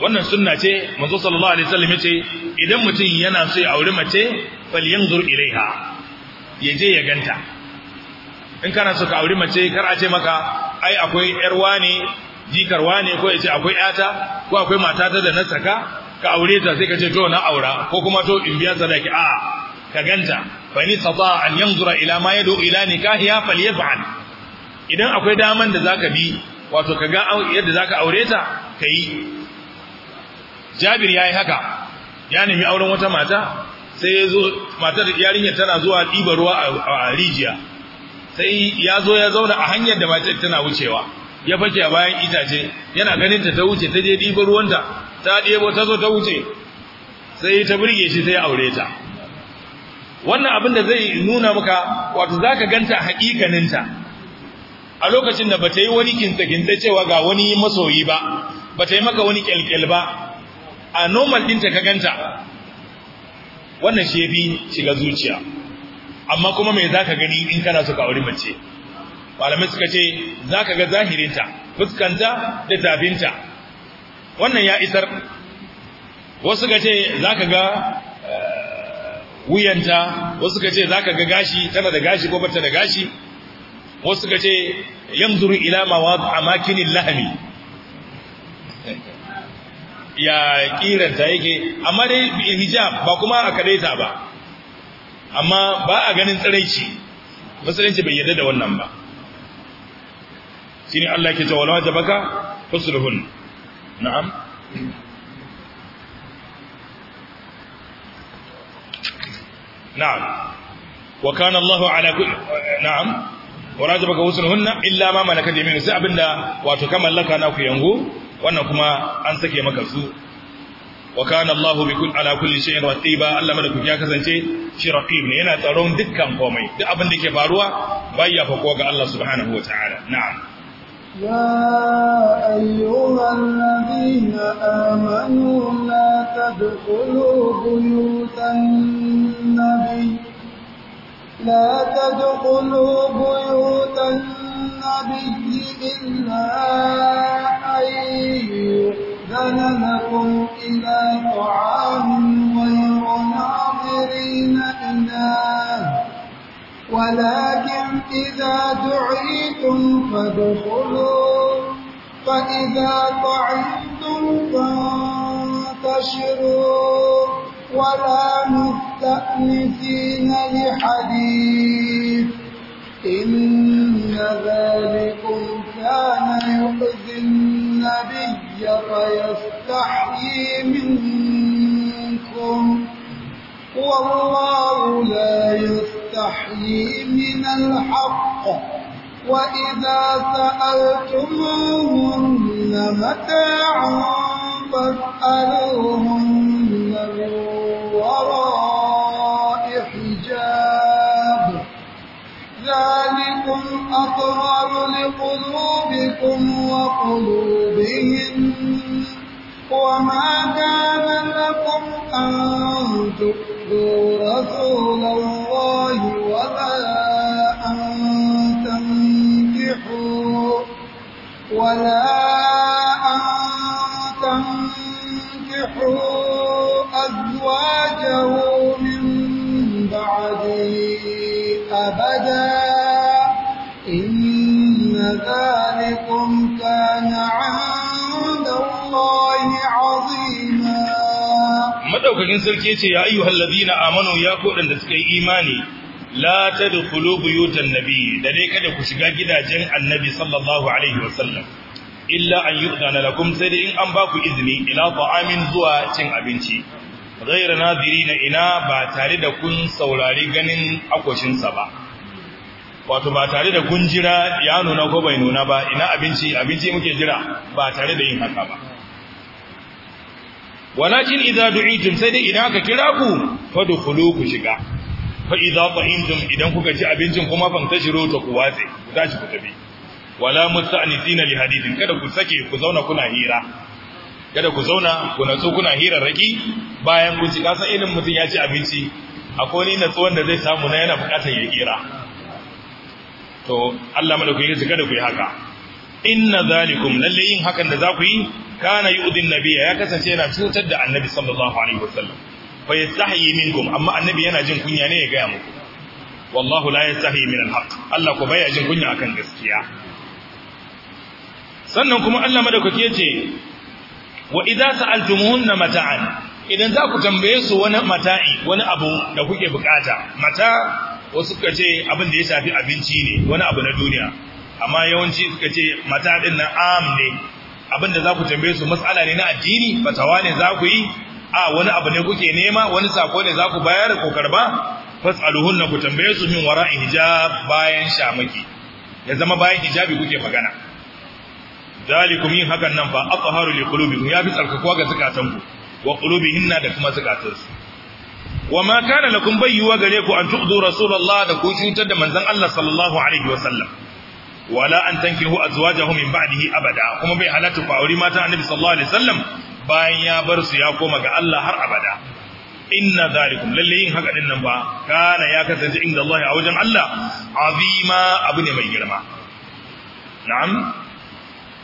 wannan sunna ce manzo sallallahu alaihi wasallam yace idan mutum yana so ya aure mace fal yanzur ilaiha ya je ya ganta in kana so ka aure mace kar a ce maka ai akwai yar wani jikar wani ko yace akwai yata ko akwai mata ta da na saka ka aure ta sai ka ce to na aura ko kuma to in biya sadaki a ka ganta fa ni sata an yanzura ila ma yadu ila nikahiya yaf'al idan akwai daman da zaka bi wato kaga yadda zaka aure ta kai Jabir yayi haka ya nemi auren wata mata sai ya zo matar yarinyar tana zuwa ɗiba ruwa a rijiya sai ya zo ya zauna a hanyar da matar tana wucewa ya fake a bayan itace yana ganin ta ta wuce ta je diba ruwanta ta ɗebo ta zo ta wuce sai ta burge shi sai yi aure ta wannan abin da zai nuna maka wato zaka ganta hakikaninta a lokacin da bata yi wani kinta-kinta cewa ga wani masoyi ba bata yi maka wani kyalkyal ba a normal ɗinta ka ganta wannan shi shiga zuciya amma kuma mai zaka gani in kana so ka auri mace malamai suka ce zaka ga zahirinta fuskanta da tafinta wannan ya isar wasu ka ce zaka ga eh, wuyanta wasu ka ce zaka ga gashi tana da gashi ko bata da gashi wasu ka ce yanzuru ilamawa a makinin lahami ya kiranta yake amma dai hijab ba kuma a kadaita ba amma ba a ganin tsiraici musulunci bai yarda da wannan ba shine Allah yake cewa wala baka fasulhun na'am na'am wa kana Allahu ala kulli na'am wala ta baka wusul hunna illa ma malakat yaminu sai abinda wato ka mallaka na ku yango wannan kuma an sake maka su wa kana Allah bi kulli ala kulli shay'in Allah malaku ya kasance shi raqib ne yana tsaron dukkan komai duk abin da yake faruwa bayya fa ga Allah subhanahu wa ta'ala na'am يا أيها الذين آمنوا لا تدخلوا بيوت النبي لا تدخلوا بيوت النبي إلا أن يؤذن لكم إلى طعام غير ناظرين إله ولكن إذا دعيتم فادخلوا فإذا طعمتم فانتشروا ولا مستأنسين لحديث إن ذلكم كان يؤذي النبي فيستحيي منكم والله لا يستحيي من الحق وإذا سألتموهن متاعا فاسألوهن من ذلكم أقرب لقلوبكم وقلوبهم وما كان لكم أن تؤذوا رسول الله ولا أن تنكحوا ولا أن تنكحوا أزواجه من بعده أبداً ذلكم كان عند الله عظيما مدوكاkin sarki ce ya ayyuhal ladina amanu ya ku da suka yi imani la tadkhulu buyutan nabiy da dai kada ku shiga gidajen annabi sallallahu alaihi wasallam illa an yu'dana lakum sai in an ba ku izini ila ta'amin zuwa cin abinci ghayra nadirina ina ba tare da kun saurari ganin akoshinsa ba wato ba tare da kun jira ya nuna ko bai nuna ba ina abinci abinci muke jira ba tare da yin haka ba walakin idza du'itum sai dai idan aka kira ku fa dukhulu ku shiga fa idza ta'imtum idan kuka ci abincin kuma ban shiro ta ku watse ku tashi ku tafi wala musta'nisina li hadithin kada ku sake ku zauna kuna hira kada ku zauna ku natsu kuna hirarraki bayan kun ci kasan ilimin mutum ya ci abinci akwai ni natsuwan da zai samu na yana bukatar ya kira to Allah madaukakin su kada ku yi haka inna zalikum lalle yin hakan da za ku yi kana udin Nabiya ya kasance yana cutar da annabi sallallahu alaihi wasallam fa yastahi minkum amma annabi yana jin kunya ne ya gaya muku wallahu la yastahi min alhaq Allah ko baya jin kunya akan gaskiya sannan kuma Allah madaukaki yace wa idza sa'altumuhunna mata'an idan za ku tambaye su wani mata'i wani abu da kuke bukata mata wasu suka ce abin da ya shafi abinci ne wani abu na duniya amma yawanci suka ce mata din nan am ne abin da za ku tambaye su matsala ne na addini fatawa ne za ku yi a wani abu ne kuke nema wani sako ne za ku bayar ko karba fas'aluhunna ku tambaye su min wara'i hijab bayan shamaki ya zama bayan hijabi kuke magana dalikum yin hakan nan fa aqharu liqulubikum ya bi tsarkakuwa ga zakatanku wa qulubihinna da kuma zakatansu wa ma kana lakum bayyuwa gare ku an tu'zu rasulullah da ku cutar da manzon Allah sallallahu alaihi wasallam wala an tankihu azwajahu min ba'dihi abada kuma bai halatta ku aure mata annabi sallallahu alaihi wasallam bayan ya bar su ya koma ga Allah har abada inna zalikum lalle yin haka din nan ba kana ya kasance inda Allah a wajen Allah azima abu ne mai girma na'am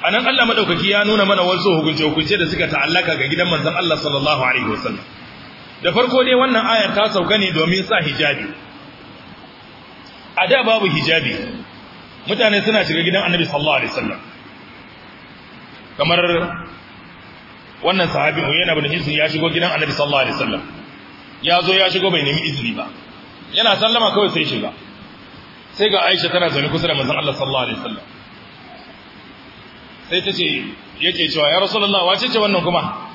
anan Allah madaukaki ya nuna mana wasu hukunce hukunce da suka ta'allaka ga gidan manzon Allah sallallahu alaihi wasallam da farko dai wannan ayar ta sauka ne domin sa hijabi a da babu hijabi mutane suna shiga gidan annabi sallallahu alaihi wasallam kamar wannan sahabi yana bin hisni ya shigo gidan annabi sallallahu alaihi wasallam ya zo ya shigo bai nemi izini ba yana sallama kawai sai shiga sai ga Aisha tana zaune kusa da manzon Allah sallallahu alaihi wasallam sai tace ce yake cewa ya rasulullah wace ce wannan kuma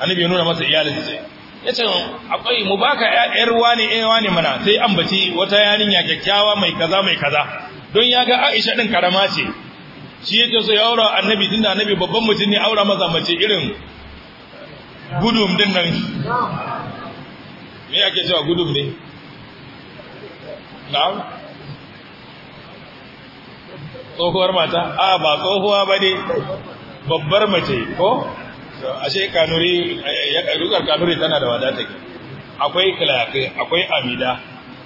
annabi ya nuna masa iyalin sai ya ce akwai mu baka yar wani eh wani mana sai ambaci wata yarinya kyakkyawa mai kaza mai kaza don ya ga Aisha din karama ce shi yake so ya aura annabi tunda annabi babban mutum ne aura maza mace irin gudum din nan me yake cewa gudum ne na'am tsohuwar mata a ba tsohuwa ba ne babbar mace ko ashe kanuri eh, rukar kanuri tana da wadata ke akwai kilafe akwai amida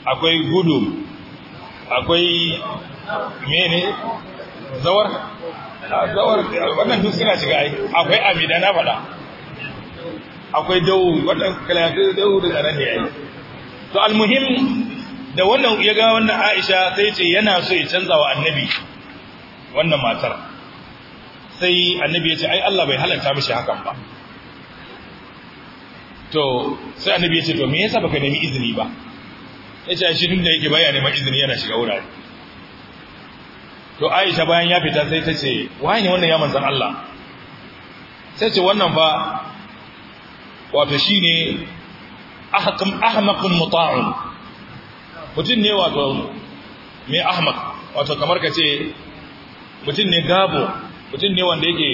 akwai gudu akwai mene zawar ah, zawar wannan duk suna shiga aiki akwai amida na faɗa akwai dawo wannan kilafe dau da nan ne ai to almuhim da wannan ya ga wannan aisha sai ce yana so ya canza wa annabi wannan matar sai annabi ya ce ai Allah bai halanta mishi hakan ba to sai annabi ya ce to me yasa baka nemi izini ba ya ce shi tunda yake baya neman izini yana shiga wurare to Aisha bayan ya fita sai ta ce ne wannan ya manzan Allah sai ce wannan fa wato shine ahkam ahmaqun muta'un mutum ne wato me ahmaq wato kamar ka ce mutum ne gabo mutum ne wanda yake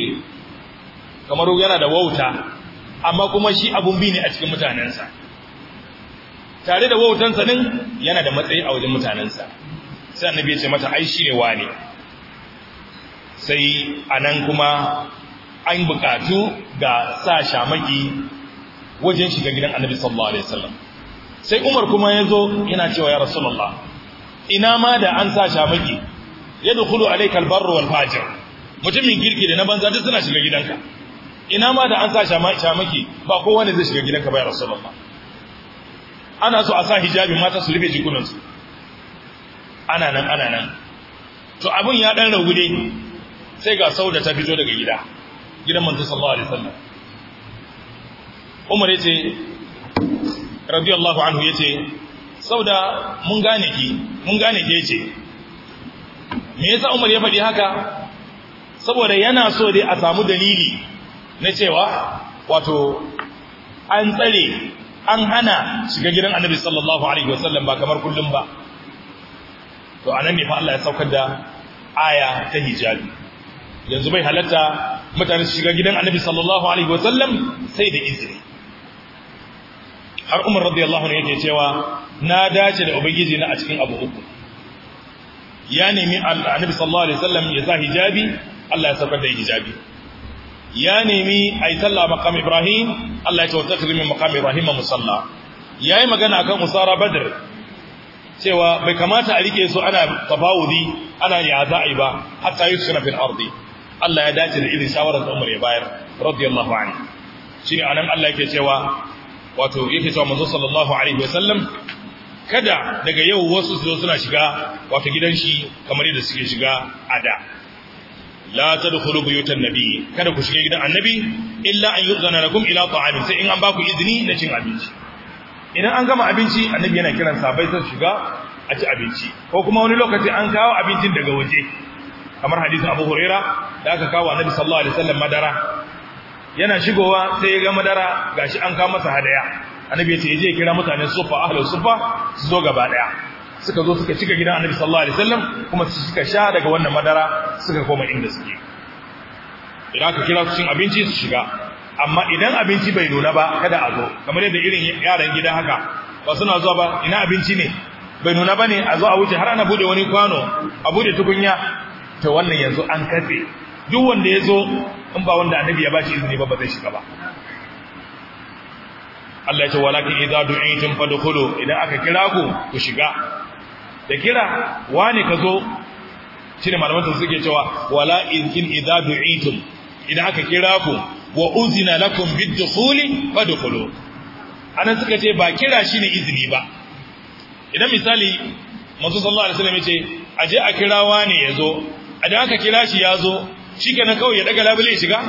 kamar yana da wauta amma kuma shi abun bi ne a cikin mutanensa tare da wautansa din yana da matsayi a wajen mutanensa sai annabi ya ce mata ai shi ne wane sai anan kuma an bukatu ga sa shamaki wajen shiga gidan annabi sallallahu alaihi wasallam sai umar kuma ya zo yana cewa ya rasulullah ina ma da an sa shamaki yadkhulu alayka kalbar wal fajir mutumin kirki da na banza duk suna shiga gidanka ina ma da an sa shamaki ba kowane zai shiga gidanka ba ya rasulullah ana so a sa hijabi mata su rufe jikunansu ana nan ana nan to abin ya dan ragu ne sai ga sauda ta fito daga gida gidan manzo sallallahu alaihi wasallam umar yace radiyallahu anhu yace sauda mun gane ki mun gane ki yace me yasa umar ya faɗi haka saboda yana so dai a samu dalili na cewa wato an tsare an hana shiga gidan annabi sallallahu alaihi wasallam ba kamar kullum ba to anan ne fa Allah ya saukar da aya ta hijabi yanzu bai halatta mutane su shiga gidan annabi sallallahu alaihi wasallam sai da izini har umar radiyallahu anhu yake cewa na dace da ubangiji na a cikin abu uku ya nemi annabi sallallahu alaihi wasallam ya sa hijabi Allah ya saukar da hijabi ya nemi ayi sallah maqam Ibrahim Allah ya ce wa takrimin maqam Ibrahim musalla yi magana akan usara badr cewa bai kamata a rike su ana tafawudi ana yi za'i ba hatta yusra fil ardi Allah ya dace da irin shawarar da Umar ya bayar radiyallahu anhu shine anan Allah yake cewa wato yake cewa manzo sallallahu alaihi sallam, kada daga yau wasu su zo suna shiga wato gidan shi kamar yadda suke shiga a da la tadkhulu buyutan nabi kada ku shiga gidan annabi illa an yuzana lakum ila ku sai in an baku izini na cin abinci idan an gama abinci annabi yana kiran sahabbai sai shiga a ci abinci ko kuma wani lokaci an kawo abincin daga waje kamar hadisin Abu Huraira da aka kawo annabi sallallahu alaihi wasallam madara yana shigowa sai ya ga madara gashi an kawo masa hadaya annabi ya ce je kira mutane sufa ahlus sufa su zo gaba daya suka zo suka cika gidan annabi sallallahu alaihi wasallam kuma suka sha daga wannan madara suka koma inda suke idan aka kira su cin abinci su shiga amma idan abinci bai nuna ba kada a zo kamar yadda irin yaran gida haka ba suna zuwa ba ina abinci ne bai nuna ba ne a zo a wuce har ana bude wani kwano a bude tukunya ta wannan yanzu an kafe duk wanda ya zo in ba wanda annabi ya ba shi izini ba ba zai shiga ba Allah ya ce walakin idza du'itum fadkhulu idan aka kira ku ku shiga da kira wani ka zo shine malaman ta suke cewa wala in idza du'itum idan aka kira ku wa uzina lakum bid-dukhuli dukhulu anan suka ce ba kira shi ne izini ba idan misali manzo sallallahu alaihi wasallam yace aje a kira wani yazo idan aka kira shi yazo na kawai ya daga labule shiga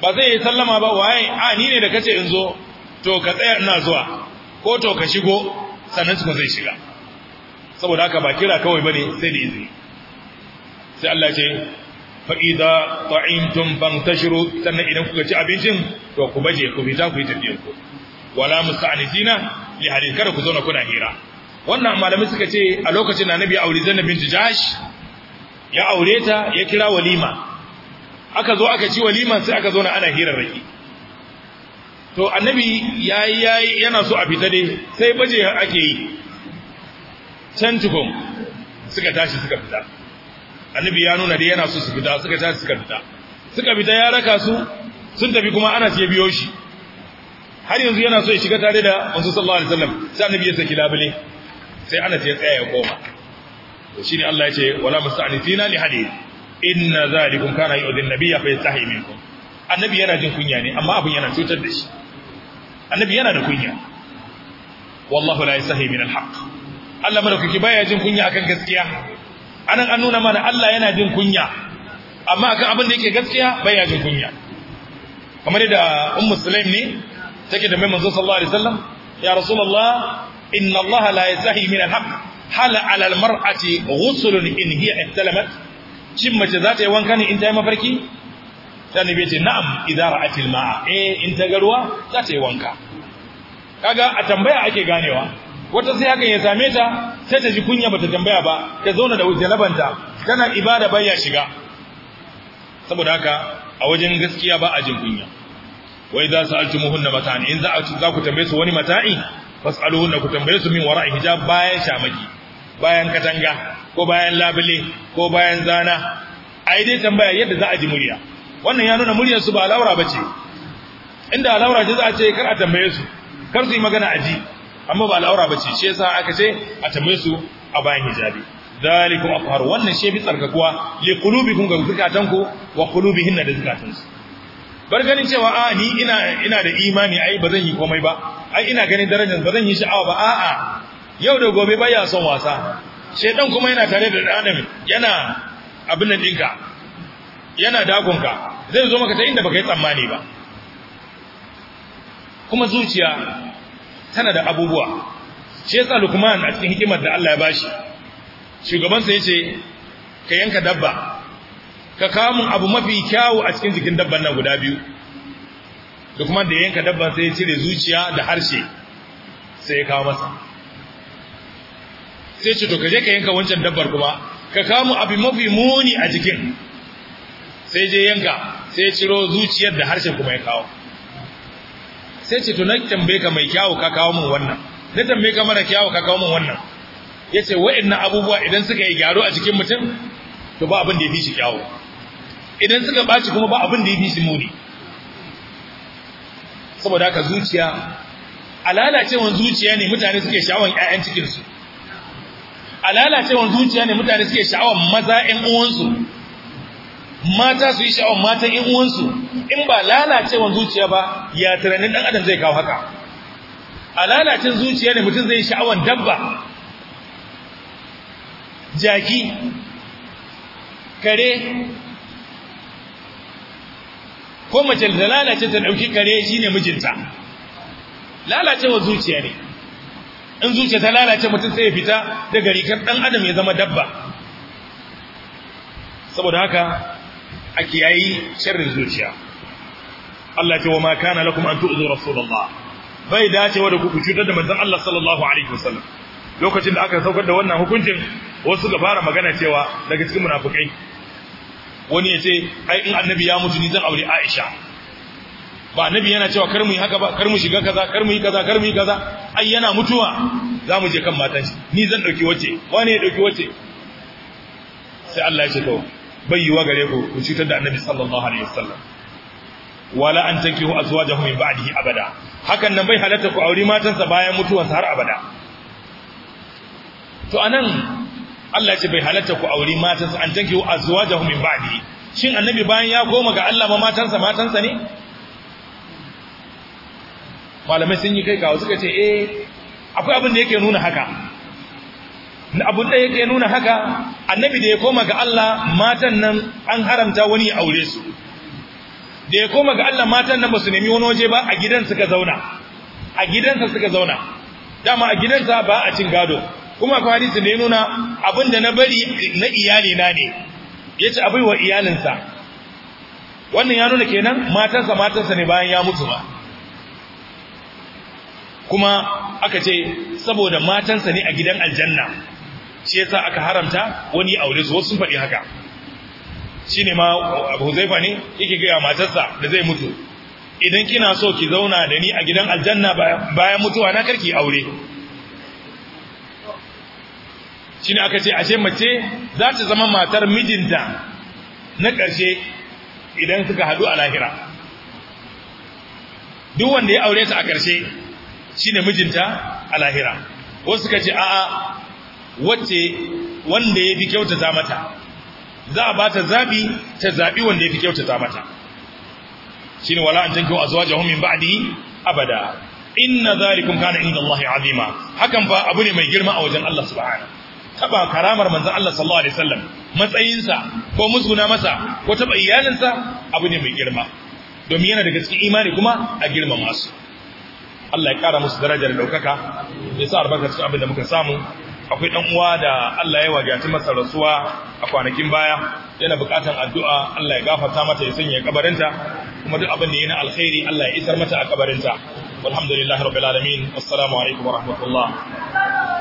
ba zai yi sallama ba waye a ni ne da kace in zo to ka tsaya ina zuwa ko to ka shigo sannan suka zai shiga saboda haka ba kira kawai bane sai da izini sai Allah ce fa idza ta'imtum fantashiru sannan idan kuka ci abincin to ku baje ku fita ku yi tafiyar ku wala musta'nisina li hadith kada ku zauna kuna hira wannan malamai suka ce a lokacin annabi aure Zainab bint Jahsh ya aure ta ya kira walima aka zo aka ci waliman sai aka zo ana ana raki to annabi yayi yana so a fita dai sai baje ake yi tantuhum suka tashi suka fita annabi ya nuna dai yana so su fita suka tashi suka fita suka fita ya raka su sun tafi kuma Anas ya biyo shi har yanzu yana so ya shiga tare da Manzo sallallahu alaihi wasallam sai annabi ya saki labule sai Anas ya tsaya ya koma to shine Allah ya ce wala musta'nifina li hadith inna zalikum kana yu'dhin nabiyya fa yastahi minkum annabi yana jin kunya ne amma abin yana cutar da shi annabi yana da kunya wallahu la yastahi min al-haqq Allah madaukaki baya jin kunya akan gaskiya anan an nuna mana Allah yana jin kunya amma akan abin da yake gaskiya baya jin kunya kamar da ummu sulaim ne take da mai manzo sallallahu alaihi wasallam ya rasulullah inna Allah la yasahi min al-haq hal ala al-mar'ati in hiya ihtalamat mace za ta yi wanka ne in ta yi mafarki sai nabi ce na'am idza ra'at al-ma'a eh in ta ga ruwa za ta yi wanka kaga a tambaya ake ganewa wata sai hakan ya same ta sai ta ji kunya bata tambaya ba ta zauna da jalabanta tana ibada bai ya shiga saboda haka a wajen gaskiya ba a jin kunya wa idza sa'altumuhunna mata'in in za ku tambaye su wani mata'i fas'aluhunna ku tambaye su min wara'i hijab bayan shamaki bayan katanga ko bayan labule ko bayan zana ai dai tambaya yadda za a ji murya wannan ya nuna muryar su ba laura bace inda laura ce za a ce kar a tambaye su kar su yi magana a ji amma ba al'aura bace shi yasa aka ce a tame su a bayan hijabi zalikum afhar wannan shi bi tsarkakuwa li qulubikum ga ku wa qulubihinna da su. bar ganin cewa a ni ina ina da imani ai bazan yi komai ba ai ina ganin darajar bazan yi sha'awa ba a'a yau da gobe ba ya son wasa shedan kuma yana tare da adam yana abin nan dinka yana dagonka zai zo maka ta inda baka yi tsammani ba kuma zuciya tana da abubuwa shi yasa lukman a cikin hikimar da Allah ya bashi shugaban sa yace ka yanka dabba ka kamun abu mafi kyawu a cikin jikin dabban nan guda biyu Lukman da yanka dabban sai ya cire zuciya da harshe sai ya kawo masa sai ce to ka je ka yanka wancan dabbar kuma ka kamun abu mafi muni a jikin sai je yanka sai ya ciro zuciyar da harshen kuma ya kawo sai ce to na tambaye ka mai kyawu ka kawo min wannan na tambaye ka mara kyawu ka kawo min wannan yace wa'annan abubuwa idan suka yi gyaro a cikin mutum to ba abin da ya fi shi kyawu idan suka baci kuma ba abin da ya fi shi muni saboda haka zuciya a zuciya ne mutane suke sha'awan ƴaƴan cikin su a zuciya ne mutane suke sha'awan maza ƴan uwansu mata su yi sha'awar matan in uwansu in ba lalacewar zuciya ba ya tunanin dan adam zai kawo haka a lalacin zuciya ne mutum zai sha'awar dabba jaki kare ko mace da lalace ta dauki kare shine mijinta lalacewar zuciya ne in zuciya ta lalace mutum sai ya fita daga rikar dan adam ya zama dabba saboda haka a kiyayi sharrin zuciya Allah ce wa ma kana lakum an tu'zu rasulullah bai dacewa da ku ku cutar da manzon Allah sallallahu alaihi wasallam lokacin da aka saukar da wannan hukuncin wasu suka fara magana cewa daga cikin munafikai wani ya ce ai in annabi ya mutu ni zan aure Aisha ba annabi yana cewa kar mu yi haka ba kar mu shiga kaza kar mu yi kaza kar mu yi kaza ai yana mutuwa za mu je kan matan shi ni zan dauki wace wani ya dauki wace sai Allah ya ce to bai yiwa gare ku ku cutar da annabi sallallahu alaihi wasallam wala an tankihu azwajahu min ba'dihi abada hakan nan bai halatta ku auri matansa bayan mutuwarsa har abada to anan Allah ya ce bai halatta ku auri matansa an tankihu azwajahu min ba'dihi shin annabi bayan ya koma ga Allah ma matansa matansa ne malamai sun yi kai kawo suka ce eh akwai abin da yake nuna haka abin da yake nuna haka annabi da ya koma ga Allah matan nan an haramta wani aure su da ya koma ga Allah matan nan ba su nemi wani waje ba a gidan suka zauna a gidansa suka zauna dama a gidansa ba a cin gado kuma akwai hadisi da ya nuna abin na bari na iyali na ne ya ci abai wa iyalinsa wannan ya nuna kenan matansa matansa ne bayan ya mutu ba kuma aka ce saboda matansa ne a gidan aljanna shi yasa aka haramta wani ya aure su sun faɗi haka ne ma Abu zaifa ne yake ga matarsa da zai mutu idan kina so ki zauna da ni a gidan aljanna bayan mutuwa na karki aure ne aka ce ashe mace za ta zama matar mijinta na ƙarshe idan suka haɗu a lahira duk wanda ya aure ta a ƙarshe shi ne mijinta a lahira wasu suka ce a'a wacce wanda ya fi kyautata mata za a ba ta zabi ta zabi wanda ya fi kyautata mata shine wala an tankihu azwajahum min ba'di abada inna zalikum kana inda Allah azima hakan fa abu ne mai girma a wajen Allah subhanahu taba karamar manzon Allah sallallahu alaihi wasallam matsayinsa ko musguna masa ko taba iyalinsa abu ne mai girma domin yana daga cikin imani kuma a girma masu Allah ya kara musu darajar daukaka ya sa albarka cikin abin da muka samu akwai ɗan uwa da Allah ya wajata masa rasuwa a kwanakin baya yana bukatan addu'a Allah ya gafarta mata ya sanya kabarinta kuma duk abin da yana alkhairi Allah ya isar mata a kabarinta walhamdulillahi rabbil alamin assalamu alaikum wa rahmatullah